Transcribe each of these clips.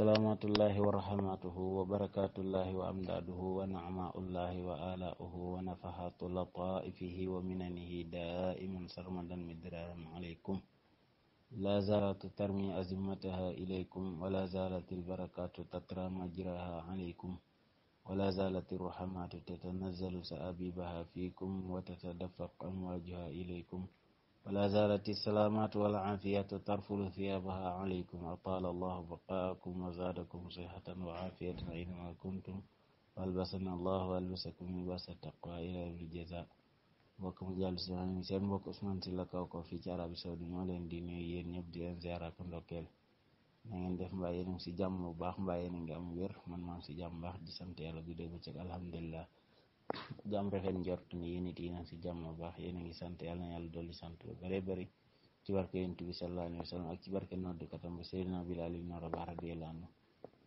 سلامات الله ورحمته وبركات الله وأمداده ونعماء الله وآلاؤه ونفحات لطائفه ومننه دائما سرمدا مدرارا عليكم لا زالت ترمي أزمتها إليكم ولا زالت البركات تترى مجراها عليكم ولا زالت الرحمات تتنزل سأبيبها فيكم وتتدفق أمواجها إليكم ولا زالت السلامة والعافية ترفل ثيابها عليكم أطال الله بقاءكم وزادكم صحة وعافية أينما كنتم والبسنا الله وألبسكم لباس التقوى إلى يوم الجزاء mbokk mu jàll si maa ngi seen mbokk Ousmane si la kaw ko fii ci Arabie Saoudi ñoo leen di nuyu yéen ñëpp di leen ziara ak ndokkeel na ngeen def mbaa yéen a ngi si jàmm bu baax mbaa yéen a ngi am wér man maam si jàmm baax di sant yàlla guddee ba ci alhamdulilah du am rafet njort ne yéen it yéen si jàmm bu baax yéen a ngi sant yàlla na yàlla dolli sant bu bëree bëri ci barke yonent bi sallallahu ak wa sallam ak ci barke noddukatam bi Seydina Bilaal ibn Rabaah radiyallahu anhu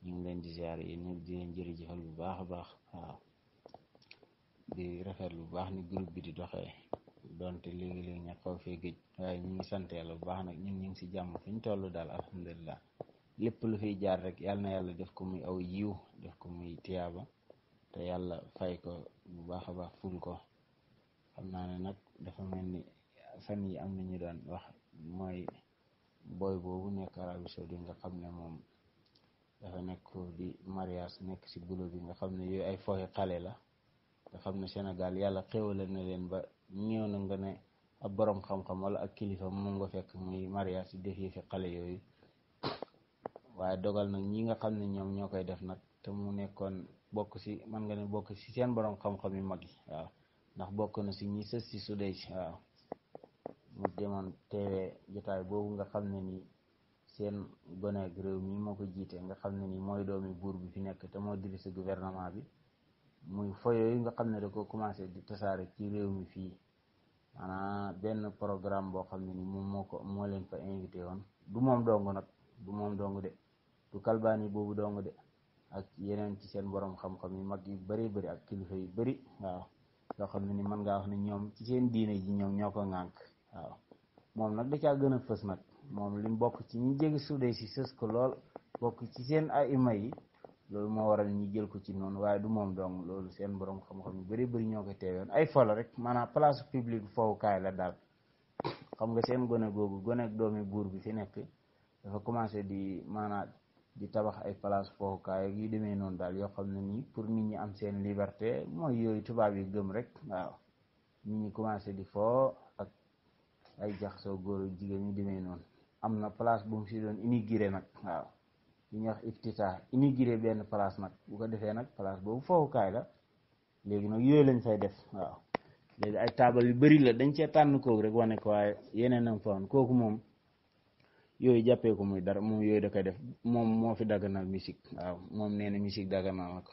ñu ngi leen di ziare yéen ñëpp di leen jërëjëfal bu baax a baax waaw di rafetlu bu baax ni groupe bi di doxee donte léegi-léegi ña xaw fee gëj waaye ñu ngi sant yàlla bu baax nag ñun ñu ngi si jàmm fu ñu toll daal alhamdulilah lépp lu fiy jaar rek yàlla na yàlla def ko muy aw yiw def ko muy tiyaaba te yàlla fay ko bu baax a baax ful ko xam naa ne nag dafa mel ni fan yi am na ñu daan wax mooy booy boobu nekk Arabie Saoudite nga xam ne moom dafa nekk di mariage nekk si bulo bi nga xam ne yooyu ay fooy xale la nga xam ne Sénégal yàlla xéwale na leen ba ñëw na nga ne ab borom xam-xam wala ak kilifa moom nga fekk muy mariage yi def yi xale yooyu waaye dogal nag ñi nga xam ne ñoom ñoo koy def nag te mu nekkoon bokk si man nga ne bokk si seen borom xam-xam yu mag yi waaw ndax bokk na si ñi sës si sudee si waaw mu demoon teewee jotaay boobu nga xam ne nii seen goneeg réew mi moo ko jiite nga xam ne nii mooy doomi buur bi fi nekk te moo dirige gouvernement bi muy foyo yi nga xam ne da ko commencé di tasaare ci réew mi fii maanaam benn programme boo xam ne ni moom moo ko moo leen fa invité woon du moom dong nag du moom dong de du kalbaani boobu dong de ak yenen ci seen borom xam-xam yu mag yu bari bari ak kilifa yu bari waaw yo xamni ni man nga wax ni ñoom ci seen diine ji ñoom ñoko ngank waaw moom nag da caa gën a fës nag moom lim bokk ci ñi jege suudee si sës ko lool bokk ci seen aima yi loolu moo waral ñi jël ko ci noonu waaye du moom dong loolu seen borom xam-xam yu bari bari ñoo ko teewoon ay folo rek maanaam place publique fowukaay la daal xam nga seen gone googu gone ak doomi buur bi fi nekk dafa commencé di maanaam di tabax ay place fofu kay yi demé non dal yo xamné ni pour nit ñi am seen liberté moy yoy tubaab yi gëm rek waaw nit ñi commencé di fo ak ay jaxso goor ak jigéen ñu demee noonu am place bu mu ci doon inauguré nak waaw ñi wax iftitaax inauguré ben place nak bu ko défé nak place bu fofu kay la légui nak yoy lañ fay def waaw légui ay table yu bari la dañ ci tànn kooku rek wane ko way yenen am fa woon kooku moom yoy jappé ko muy dar moom yoy da kay def mom mo fi daganal musique waaw mom néna musique daganal nak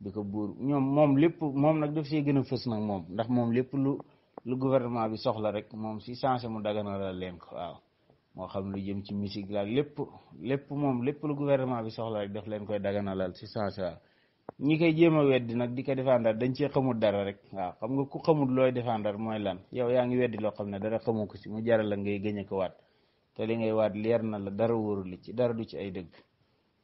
diko bour ñom mom lepp mom nak daf ci gëna fess nak mom ndax mom lepp lu lu gouvernement bi soxla rek mom ci changer mu daganal leen ko waaw mo xam lu jëm ci musique la lepp lepp mom lepp lu gouvernement bi soxla rek daf leen koy daganalal si changer ñi kay jema weddi di ko défendar dañ ci xamul dara rek waaw xam nga ku xamul loy défendre moy lan yow yaangi ngi weddi loo xam dara xamoo ci mu jaral la ngay gëñe ko wat te li ngay wat leer na la dara wóoru la ci dara du ci ay deug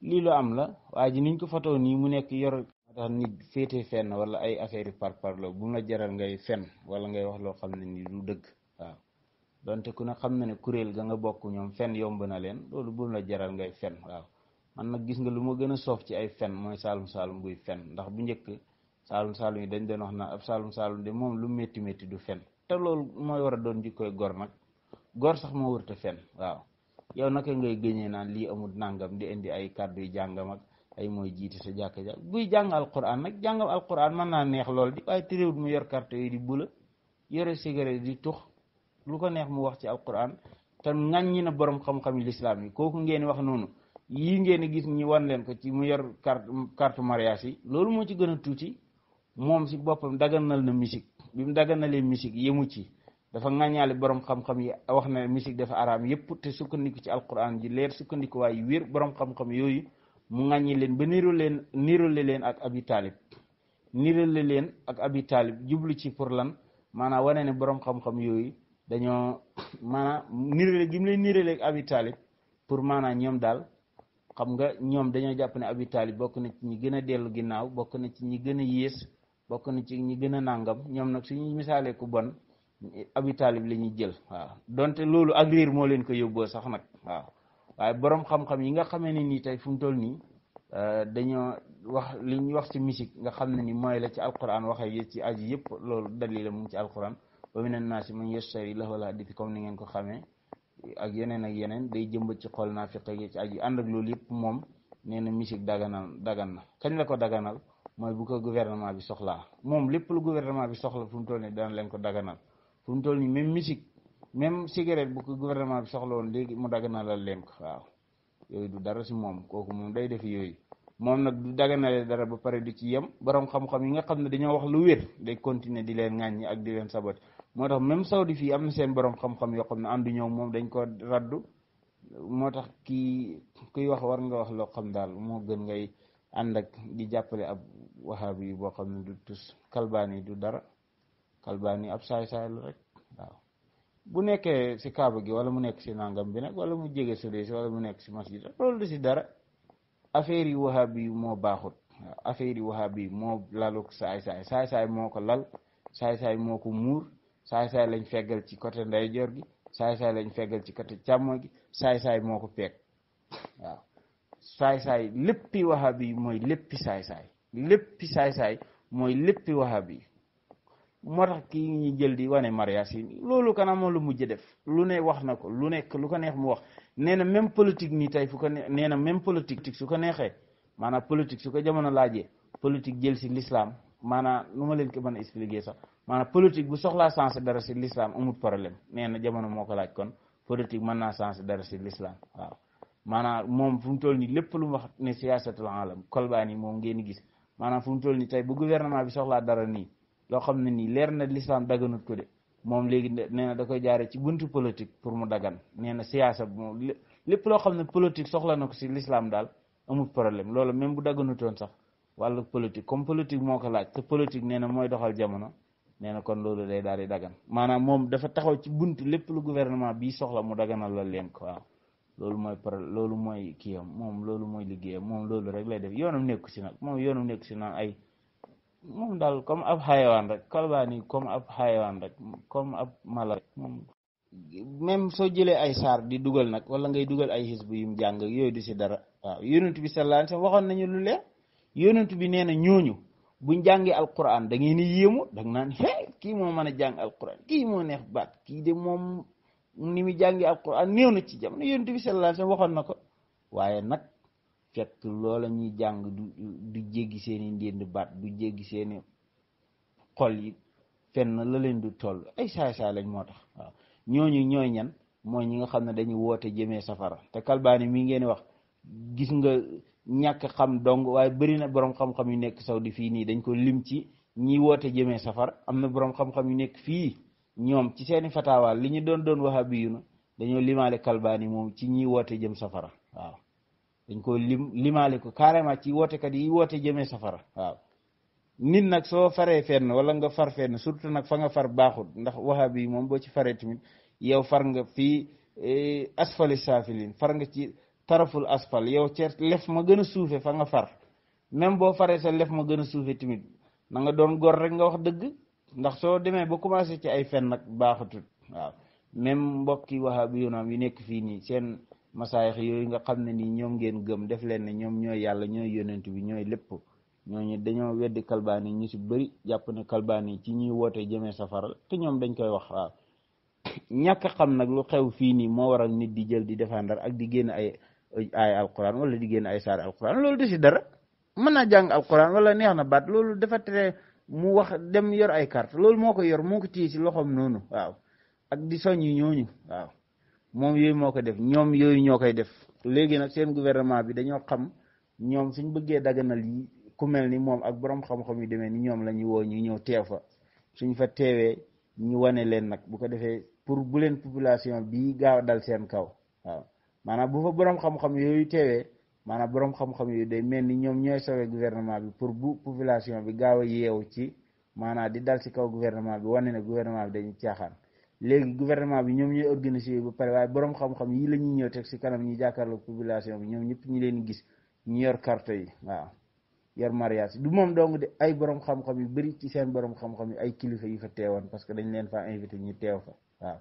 li lu am la waji niñ ko fatoo ni mu nek yor tax nit fete fenn wala ay affaire par lo bu jaral ngay fenn wala ngay wax lo xamni ni du deug waaw donte ku na xam na ne kurel ga nga bokk ñom fenn yomb na leen lolu bu mu la jaral ngay fenn waaw man nak gis nga lu ma gën ci ay fenn moy saalum saalum buy fenn ndax bu ñëk saalum saalum yi dañ doon wax na ab saalum saalum de mom lu metti metti du fenn te loolu moy wara doon jikko gor nak gor sax mo wurté fenn waaw yow naka ngay gëñee nan li amul nangam di indi ay cadeau yu jàngam ak ay moy jiite sa jàkka ja buy jang alquran nak jang alquran man na neex lool di waaye téréwul mu yor carte yi di bula yore cigarette di tux lu ko neex mu wax ci alquran tan ŋàññi na borom xam-xam yi lislaam yi koku ngeen wax nonu yi ngeen gis ñi wan leen ko ci mu yor carte carte mariage yi loolu mo ci gëna tuuti mom ci bopam daganal na musique bi daganalé musique yemu ci dafa ŋañaale borom xam-xam yi wax na musique dafa aram yépp te sukkandiku ci alquran ji leer sukkandiku way wir borom xam-xam yooyu mu ngañi len ba niru len niru len ak abi talib niru len ak abi talib jublu ci pour lan mana wane ne borom xam-xam yooyu dañoo maanaam nirule gi mu niru le ak abi talib pour mana ñom dal xam nga ñom japp ne abi talib bokk na ci ñi gëna delu dellu na ci ñi gëna yees na ci ñi gëna nangam ñom nak suñu misale ku bon abi talib la jël waaw donte lolu ak réer leen ko yobbo sax nak waaw waye borom xam-xam yi nga xamé ni tay fu mu ni euh dañoo wax li wax ci musique nga xam ni moy la ci alquran yi ci aji yëpp lolu dalil mu ci alquran ba minan nasi man yashari lahu la lahwal kom ni ngeen ko xamé ak yenen ak yenen day ci xol ci aji and ak lolu yëpp mom neena dagana musique daganal dagan na kañ la ko daganal moy bu ko gouvernement bi soxla mom lepp lu gouvernement bi soxla fu mu ni dañ leen ko daganal fu mu toll nii même musique même cigarette bu ko gouvernement bi soxla woon léegi mu daganalal ko waaw yooyu du dara si mom, kooku moom day def yooyu mom nag du daganale dara ba pare di ci yem borom xam-xam yi nga xam ne wax lu day continuer di leen ŋàññi ak di len sabat moo mem même saudi fi am na seen borom xam-xam yoo xam ne àndu mom moom dañ ko raddu moo ki kuy wax war nga wax lo xam dal mo gën ngay andak di jàppale ab wahabi yi boo du Albani ab saay saay rek waaw bu nekké ci kaaba gi wala mu nekk ci nangam bi nak wala mu jégué ci si wala mu nekk ci masjid lool du ci dara affaire yi wahabi mo baxut affaire yi wahabi mo laluk say say say say moko lal say say moko mur say say lañ fegal ci côté jor gi say say lañ fegal ci côté chamo gi say say moko ko peeg waaw ya. say saay léppi wahabi moy mooy say say saay say say moy mooy wahabi Mara tax kii ñi jël di wane mariage yi loolu kana lune lu mujj def lu ne wax na ko lu nekk lu ko neex mu wax nee na même politique nii tey fu ko nee nee na même politique su ko neexee maanaam politique su ko jamono laajee politique jël si l'islam maanaam nu ma leen ko mën a expliquer sax maanaam politique bu soxlaa sens dara si l'islam problème nee na jamono moo ko laaj kon politique mën naa sens dara si l'islam waaw maanaam moom fu mu toll nii lépp lu mu wax ne siyaasatul alam kolbaani moom ngeen gis maanaam fu mu toll nii tey bu gouvernement bi soxlaa dara nii loo xam ne nii leer na lislaam daganut ko de moom léegi nee na da koy jaare ci buntu politique pour mu dagan nee na siyaasa bi moom lépp loo xam ne politique soxla na ko si lislaam daal amul problème loolu même bu dagganutoon sax wàllu politique comme politique moo ko laaj te nee na mooy doxal jamono nee na kon loolu day daal di dagan maanaam moom dafa taxaw ci buntu lépp lu gouvernement bii soxla mu daganal la leen ko loolu mooy par loolu mooy kiyam moom loolu mooy liggéeyam moom loolu rek lay def yoonam nekku si nag moom yoonam nekku si naan ay mom dal comme ab xayawaan rek kolbani comme ab xayawaan rek comme ab mala rek même so jëlee ay sar di dugal nak wala ngay dugal ay xisbu yum ak yoy du ci dara wa yonent bi sallallahu alayhi wasallam waxon nañu lu leer yonent bi neena ñooñu buñ jangé alquran da ngay ni yému da nga naan xee kii moo mën a alquran ki mo neex baat ki de mom ni mu jàngee alquran néew na ci jamono yonent bi sallallahu alayhi wasallam waxon nako waye nak fekk loola ñuy jàng du du jéggi seeni ndénd baat du jéggi seeni xol yi fenn la leen du toll ay saay saay lañ moo tax waaw ñooñu ñooy ñan mooy ñi nga xam ne dañu woote jëmee safara te kalbaani mi ngeen wax gis nga ñàkk xam dong waaye bëri na borom xam-xam yu nekk saw di fii nii dañ ko lim ci ñi woote jëmee safar am na borom xam-xam yu nekk fii ñoom ci seeni fataawaal li ñu doon doon wahabi yu na dañoo limaale kalbaani moom ci ñi woote jëm safara waaw dañ ko lim limaale ko carrément ci wootekat yi woote jëmee safara waaw nit nag soo faree fenn wala nga far fenn surtout nag fa nga far baaxut ndax waxa bi moom boo ci faree tamit yow far nga fii e, asfali saafilin far nga ci taraful asfal yow ca lef ma gën a suufe fa nga far même boo faree sa lef ma gën a suufe tamit na nga doon gor rek nga wax dëgg ndax soo demee ba commencé ci ay fen nag baaxatul waaw même mbokki wahabi yu naam yi nekk fii nii seen masayikh yoy nga xamne ni ñom ngeen gëm def leen ni ñom ñoy yalla ñoy yonent bi lepp ñoo ñooñu dañoo weddi kalbaani ñu ci bari japp ne kalbaani ci ñi wote jëme safar te ñom dañ koy wax ñak xam nak lu xew fi ni mo waral nit di jël di défendre ak di genn ay ay alquran wala di genn ay sar alquran loolu de dara mën naa jàng alquran wala neex na baat loolu dafa tere mu wax dem yor ay carte loolu moko yor moko ko ci loxom nonu waaw ak di soñu ñooñu waaw moom yooyu moo ko def ñoom yooyu ñoo koy def léegi nag seen gouvernement bi dañoo xam ñoom suñ bëggee daganal yi ku mel ni moom ak borom xam-xam yu demee ni ñoom la ñu woo ñu ñëw teew fa suñ fa teewee ñu wane leen nag bu ko defee pour bu leen population bi gaaw dal seen kaw waaw maanaam bu fa borom xam-xam yooyu teewee maanaam borom xam-xam yooyu day mel ni ñoom ñooy sauver gouvernement bi pour bu population bi gaaw a yeew ci maanaam di dal si kaw gouvernement bi wane ne gouvernement bi dañu caaxaan. légui gouvernement bi ñom ñooy organisé bu paré way borom xam-xam yi lañu ñëw tek ci kanam ñi jàkkaarloog population bi ñom ñëpp ñi leen gis ñi yor carte yi waaw yor mariage du mom dong de ay borom xam-xam yu bari ci seen borom xam-xam yi ay kilifa yi fa téwon parce que dañ leen fa invité ñi téw fa waaw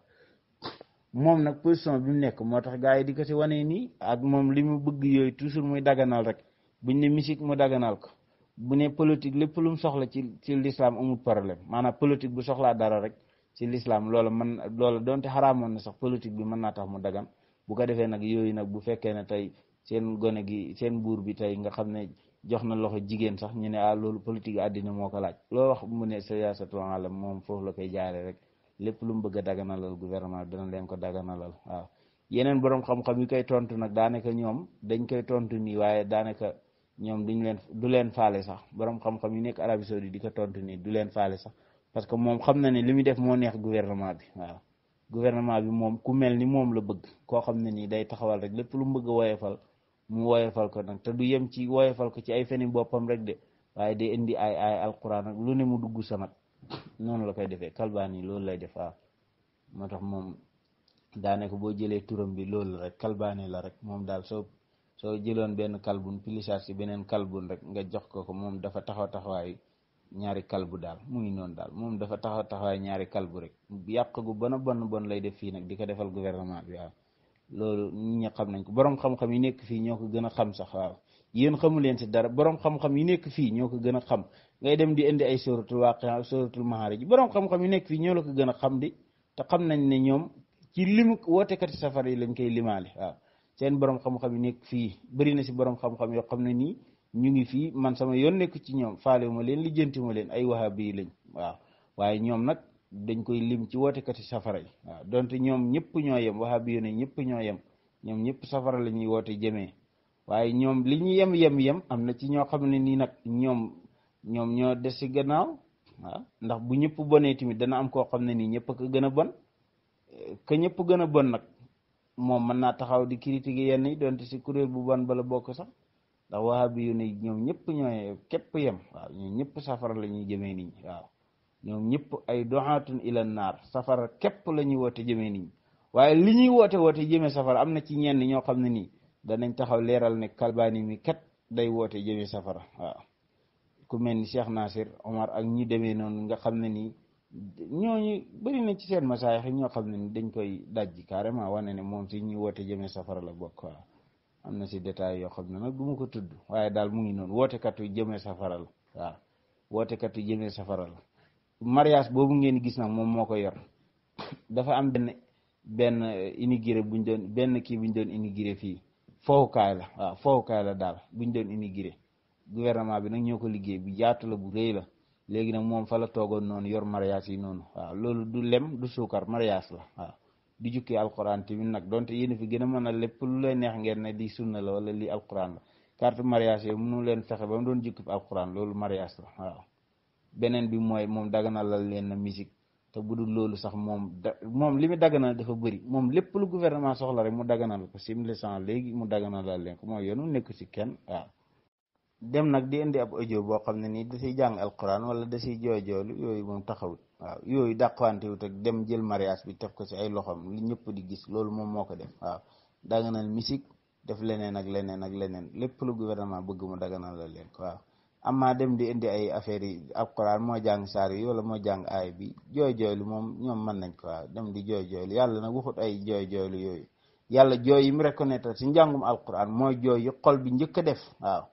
mom nak position bi mu nekk motax gaay di ko si wanee nii ak mom limu bëgg yoy toujours muy daganal rek buñ né musique mu daganal ko bu né politique lepp lu mu soxla ci ci l'islam amul problème manam politique bu soxla dara rek ci l'islam loola mën don donte xaraamoon na sax politique bi mën naa tax mu dagan bu ko defee nag yooyu nag bu fekkee ne tey seen gone gi seen buur bi tey nga xam ne jox na loxo jigéen sax ñu ne ah loolu politique àddina moo ko laaj loo wax mu ne siyaasatu alam moom foofu la koy jaare rek lépp lu mu bëgg a daganalal gouvernement dana leen ko daganalal waaw yeneen borom xam-xam yu koy tontu nag daanaka ñoom dañ koy tontu nii waaye daanaka ñoom duñ leen du leen faale sax borom xam-xam yu nekk Arabie Saoudite di tontu nii du leen faale sax parce que mom xamna ni limi def mo neex gouvernement bi waaw gouvernement bi mom ku mel ni la bëgg ko xamna ni day taxawal rek lepp lu mu bëgg a woyefal mu woyefal ko nak te du yem ci woyefal ko ci ay feni bopam rek de waye day indi ay ay alquran lu ne mu dugg samat non la koy defé kalbani lool lay def motax mom da moom daanaka boo turam bi lool rek kalbani la rek mom dal so so jëlone ben kalbun pilisaat si benen kalbun rek nga jox ko ko mom dafa taxaw taxaway ñaari kalbu dal mu ngi non dal mom dafa taxaw taxaw ñaari kalbu rek yàq gu bëna bon bon lay def fi nak di defal gouvernement bi waaw lolu nit ñi xam nañ ko borom xam-xam yi nekk fi ñoko gëna xam sax waaw yeen xamul leen ci dara borom xam-xam yi nekk fi ñoko gëna xam ngay dem di indi ay suratul waqi'a suratul maharij borom xam-xam yi nekk lo ñoo la xam di te xam nañ ne ñoom ci limu wootekati safar yi lañ koy limale waaw seen borom xam-xam yi nekk fi bari na ci borom xam-xam yo xam na ni ñu ngi fi man sama yoon nekk ci ñom faalewu ma leen lijjanti ma leen ay wahabi lañ waaw waye ñom nak dañ koy lim ci wootekati safara waaw donte ñom ñepp ñoy yam wahabi yi ne ñoy yam ñom ñepp safara lañ ñi wote jeme waye ñom li ñi yem yem yem am ci ño ne nak ñom ñom ño dess ci gannaaw waaw ndax bu ñepp boné timit dana am ko xam ne ñepp ko gëna bon ke ñepp gëna bon nak mom man na taxaw di critiquer yenn donte si bu bon bala bok sax da wahabi yu ne ñoom ñëpp ñoy kep yam waaw ñoom ñëpp safara la ñuy jëmee nit ñi waaw ñoom ñëpp ay doxaatun ila nar safara kep la wote jëmee nit ñi waaye li ñuy wote wote jëmee safara am na ci ñenn ñoo xam ne nii danañ taxaw leeral ne kalbaani mi kat day wote jëmee safara waaw ku mel ni Cheikh Nasir Omar ak ñi demee noonu nga xam ne nii ñooñu bari na ci seen masaayax ñoo xam ne ni dañ koy dajji carrément wane ne moom si ñuy wote jëmee safara la bokk waaw am na si détail yoo xam ne nag du ma ko tudd waaye daal mu ngi noonu wootekat yu jëmee safara la wootekat yu jëmee safara la mariage boobu ngeen gis nag moom moo ko yor dafa am benn benn immigré buñ doon benn kii buñ doon immigré fii fowukaay la waaw la daal buñ doon immigré gouvernement bi nag ñëw ko liggéey bu jaatu bu rëy la léegi nag moom fa la toogoon noonu yor mariage yi noonu waaw loolu du lem du suukar mariage la di jukki alquran tamit nag donte yéen fi gën a mën a lépp lu lay neex ngeen ne lii sunna la wala lii alquran la carte mariage yooyu mënu leen fexe ba mu doon jukki alquran loolu mariage la waaw beneen bi mooy moom daganalal leen na musique te bu dul loolu sax moom da moom li mu daganal dafa bëri moom lépp lu gouvernement soxla rek mu daganal ko simli sans léegi mu daganalal leen ko mooy yoonu nekk si kenn waaw dem nak di indi ab audio bo xamne ni da ci jang alquran wala da jojo joojoolu yooyu moom taxawut waaw dakwanti wut ak dem jël mariage bi def ko ci ay loxam li ñepp di gis lolu mom moko def waaw daganal misik def leneen ak leneen ak leneen lepp lu gouvernement bëgg mu daganal la leen waaw amma dem di indi ay affaire yi alquran mo jang sar yi wala mo jang ay bi joojoolu mom ñom man nañ ko waaw dem di joojoolu yalla nag waxut ay joojoolu yoy yalla joy yi mu reconnaître ci jangum alquran mo joy yi xol bi ñëk def waaw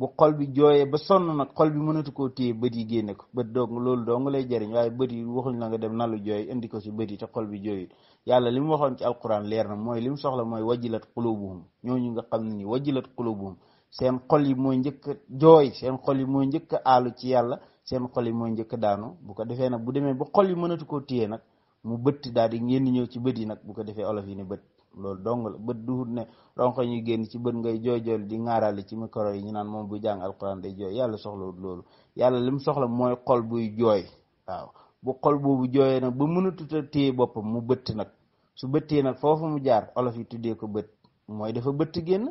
bu xol bi jooyee ba sonn nag xol bi mënatu koo téye bët yi génne ko bët dong loolu dong lay jariñ waaye bët yi waxuñ la nga dem nalu jooy indi ko si bët yi te xol bi jooy yàlla li mu waxoon ci alquran leer na mooy li soxla mooy wajilat qulubuhum ñooñu nga xam ne ni wajilat qulubuhum seen xol yi mooy njëkk a jooy seen xol yi mooy njëkk a aalu ci yàlla seen xol yi mooy njëkk daanu bu ko defee nag bu demee ba xol yi mënatu koo téye nag mu bëtt daal di ngeen ñëw ci bët yi nag bu ko defee olof yi ne bët loolu dong la bët duhut ne ronko ñu génn ci bët ngay joojool di ŋaarale ci micro yi ñu naan moom bu jàng alquran day jooy yàlla soxlawut loolu yàlla lim soxla mooy xol buy jooy waaw bu xol boobu jooyee nag ba mënatut a téye boppam mu bëtt nag su bëttee nag foofu mu jaar olof yi tuddee ko bët mooy dafa bëtt génn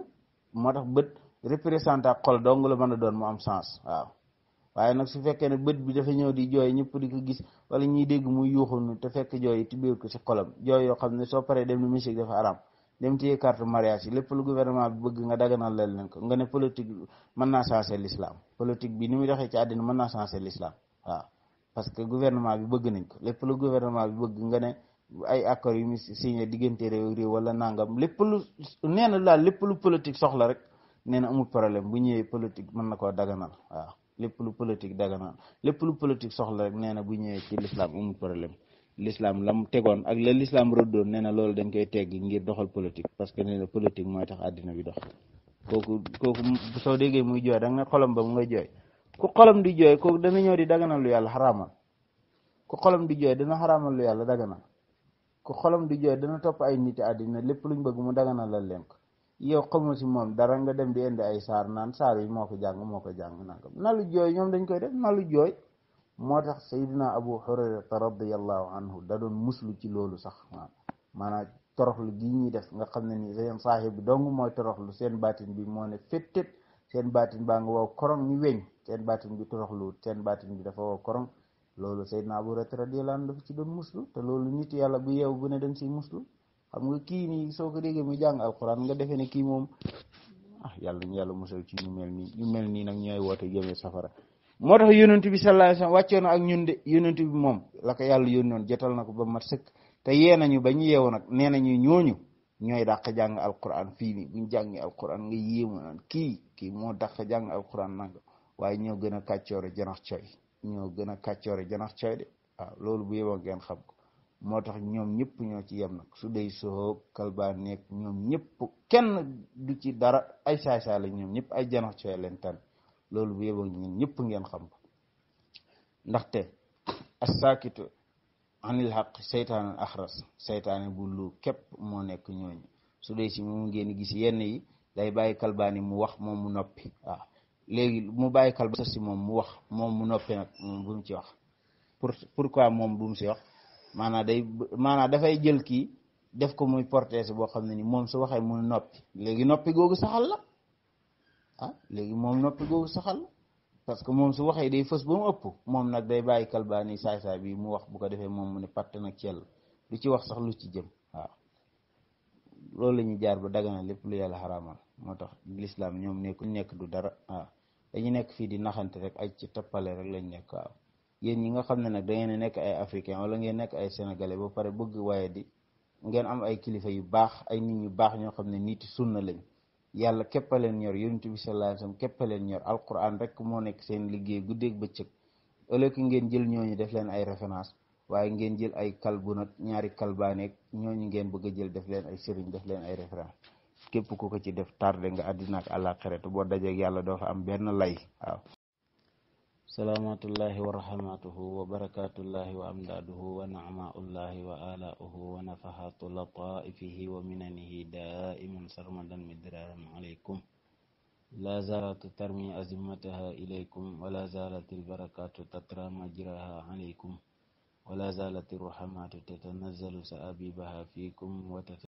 moo tax bët représentant xol dong la mën a doon mu am sens waaw waye nak su fekke ne beut bi dafa ñew di joy ñepp di ko gis wala ñi deg mu yuuxunu te fekk joy ti beuk ko ci xolam joy yo xamne so soo dem ni musique dafa araam dem téye carte mariage yi politik lu gouvernement bi bëgg nga daganal leen leen ko nga ne politique man na sansé l'islam politique bi ni muy doxee ci adina man na sansé l'islam wa parce que gouvernement bi bëgg nañ ko lepp lu gouvernement bi bëgg nga ne ay accord yu signé digënté réew réew wala nangam lepp lu nee la politik lu politique soxla rek nee amul problème bu ñëwé politique man nako daganal waaw lepp lu politique daganaan lepp lu politique soxla rek neena bu ñewé ci l'islam umu problème l'islam lam tégon ak la l'islam rëddoon neena na dañ koy tégg ngir doxal politique parce que neena na politique moy tax adina bi dox koku bu so déggee muy joy da nga xolam ba nga joy ku xolam di joy koku dana ñëw di dagana lu yalla harama ku xolam di joy dana harama lu yàlla daganal ku xolam di joy dana top ay nit adina lepp luñ bëgg mu dagana la lenk yow xamoo si moom dara nga dem di indi ay saar naan saar yi moo ko jàng moo ko jàng nangam nalu jooy ñoom dañ koy def nalu jooy moo tax saydina abu Hurairah radiallahu anhu da doon muslu ci loolu sax waaw maanaam toroxlu gi ñuy def nga xam ne ni seen saaxib bi dong mooy toroxlu seen baatin bi moo ne fettet seen baatin baa nga waaw korong ñu weñ seen baatin bi toroxlu seen baatin bi dafa waaw korong loolu saydina abu Hurairah radiallahu anhu dafa ci doon muslu te loolu nit yàlla bu yeew bu ne dañ siy muslu xam nga ah, ki ni soko dege mu jang alquran nga defene ki mom ah yalla ñu yalla musal ci ñu melni ñu melni nak ñoy wote jeme safara motax tax bi sallallahu alayhi wasallam wàccoon ak ñun de yonent bi mom la ko yalla yoonon jetal nako ba mat sekk te yeenañu bañu ba nak yeewu ñooñu ñoy dàq jang alquran fi ni buñ jang alquran nga yéemu nan ki ki mo dàq jang alquran nanga way ñoo gëna a kàccoore janax coy ñoo gëna a kàccoore coy de waaw ah, bu yewon gën xam ko motax ñom ñepp ñoo ci yam nak su dey so kalba nek ñom ñepp kenn du ci dara ay saay-saay la ñom ñepp ay janax ci leen tan lolu bu yeboo ñun ñepp ngeen xam te as-sakitu anil shaytan al-akhras shaytan bu lu képp moo nekk ñooñu su dey ci mu ngeen gis yenn yi day kalba ni mu wax mom mu nopi waaw léegi mu baye kalba ci mom mu wax mom mu nopi nak bu ci wax pourquoi mom bu mu wax mana day da fay jël ki def ko muy portée boo xam ne ni mom su waxe mu noppi legui noppi gogu saxal la ah legui mom noppi gogu saxal parce que mom su waxe day fess bu mu upp mom nak day baye kalbani say say bi mu wax bu ko defé mom mu ne patt nak ciel lu ci wax sax lu ci jëm wa loolu lañu jaar ba dagana lepp lu yalla xaraamal motax l'islam ñom nekk du dara wa dañu nekk fi di naxante rek ay ci topale rek lañu nekk wa yen ñi nga xam ne nag da ngeen nekk ay africain wala ngeen nekk ay sénégalais ba pare bëgg waaye di ngeen am ay kilifa yu baax ay nit ñu baax ñoo xam ne nit sunna lañ yàlla képp a leen ñor yonent bi sallallahu alayhi wasallam képp a leen ñor alquran rek moo nekk seen liggéey guddeeg bëccëg ëllëg ngeen jël ñooñu def leen ay référence waaye ngeen jël ay kalbu nag ñaari kalbaaneeg ñooñu ngeen bëgg a jël def leen ay sëriñ def leen ay référence képp ku ko ci def tardé nga àddina ak àllaaxira te boo dajeeg yàlla doo fa am benn lay waaw سلامة الله ورحمته وبركات الله وأمداده ونعماء الله وآلاؤه ونفحات لطائفه ومننه دائما سرمدا مدرارا عليكم لا زالت ترمي أزمتها إليكم ولا زالت البركات تترى مجراها عليكم ولا زالت الرحمات تتنزل سأبيبها فيكم وتت